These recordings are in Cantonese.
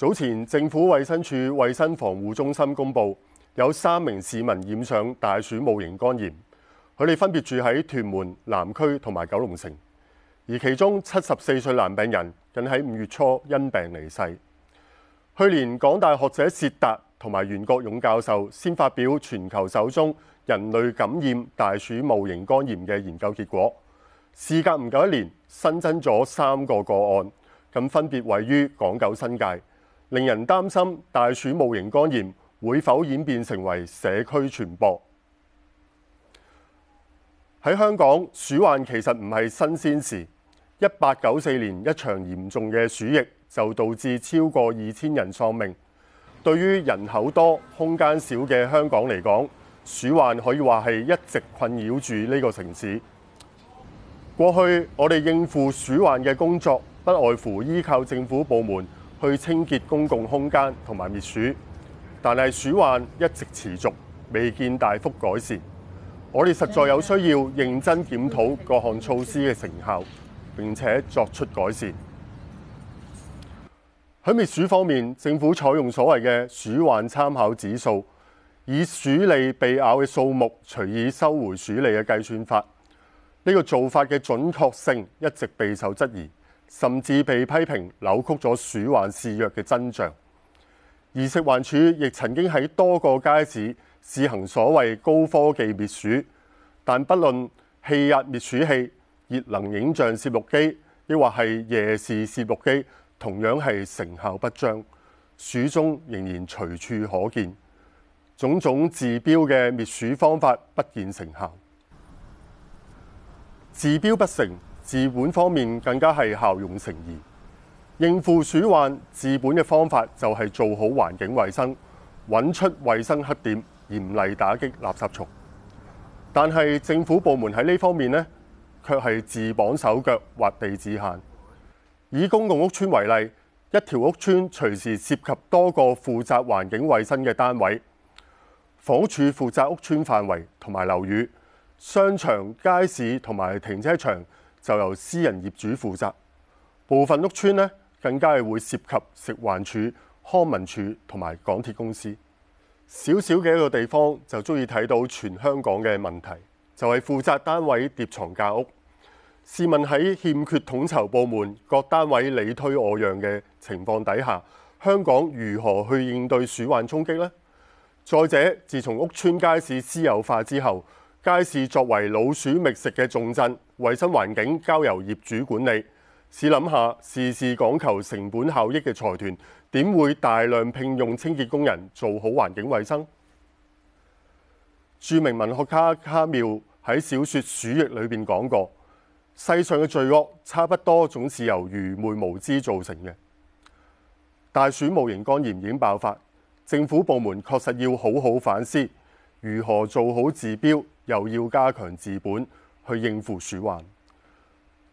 早前，政府衛生署衛生防護中心公布有三名市民染上大鼠戊型肝炎，佢哋分別住喺屯門南區同埋九龍城，而其中七十四歲男病人近喺五月初因病離世。去年港大學者薛達同埋袁國勇教授先發表全球首宗人類感染大鼠戊型肝炎嘅研究結果，事隔唔夠一年，新增咗三個個案，咁分別位於港九新界。令人擔心大鼠戊型肝炎會否演變成為社區傳播。喺香港鼠患其實唔係新鮮事，一八九四年一場嚴重嘅鼠疫就導致超過二千人喪命。對於人口多、空間少嘅香港嚟講，鼠患可以話係一直困擾住呢個城市。過去我哋應付鼠患嘅工作不外乎依靠政府部門。去清潔公共空間同埋滅鼠，但係鼠患一直持續，未見大幅改善。我哋實在有需要認真檢討各項措施嘅成效，並且作出改善。喺滅鼠方面，政府採用所謂嘅鼠患參考指數，以鼠餌被咬嘅數目除以收回鼠餌嘅計算法，呢個做法嘅準確性一直備受質疑。甚至被批評扭曲咗鼠患肆虐嘅真相。而食環署亦曾經喺多個街市試行所謂高科技滅鼠，但不論氣壓滅鼠器、熱能影像攝錄機，亦或係夜視攝錄機，同樣係成效不彰，鼠蹤仍然隨處可見。種種治標嘅滅鼠方法不見成效，治標不成。治本方面更加係效用誠意。應付鼠患治本嘅方法就係做好環境衛生，揾出衞生黑點，嚴厲打擊垃圾蟲。但係政府部門喺呢方面呢，卻係自綁手腳畫地自限。以公共屋邨為例，一條屋邨隨時涉及多個負責環境衛生嘅單位，房屋署負責屋邨範圍同埋樓宇、商場、街市同埋停車場。就由私人業主負責，部分屋邨呢，更加係會涉及食環署、康文署同埋港鐵公司。小小嘅一個地方就足以睇到全香港嘅問題。就係負責單位疊床架屋。試問喺欠缺統籌部門、各單位你推我讓嘅情況底下，香港如何去應對鼠患衝擊呢？再者，自從屋邨街市私有化之後。街市作為老鼠覓食嘅重鎮，衛生環境交由業主管理。試諗下，事事講求成本效益嘅財團，點會大量聘用清潔工人做好環境衛生？著名文學家卡妙喺小説《鼠疫》裏面講過：世上嘅罪惡差不多總是由愚昧無知造成嘅。大鼠戊型肝炎已經爆發，政府部門確實要好好反思，如何做好治標。又要加強治本去應付鼠患。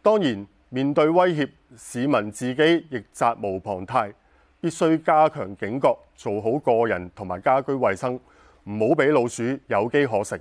當然，面對威脅，市民自己亦責無旁貸，必須加強警覺，做好個人同埋家居衛生，唔好俾老鼠有機可乘。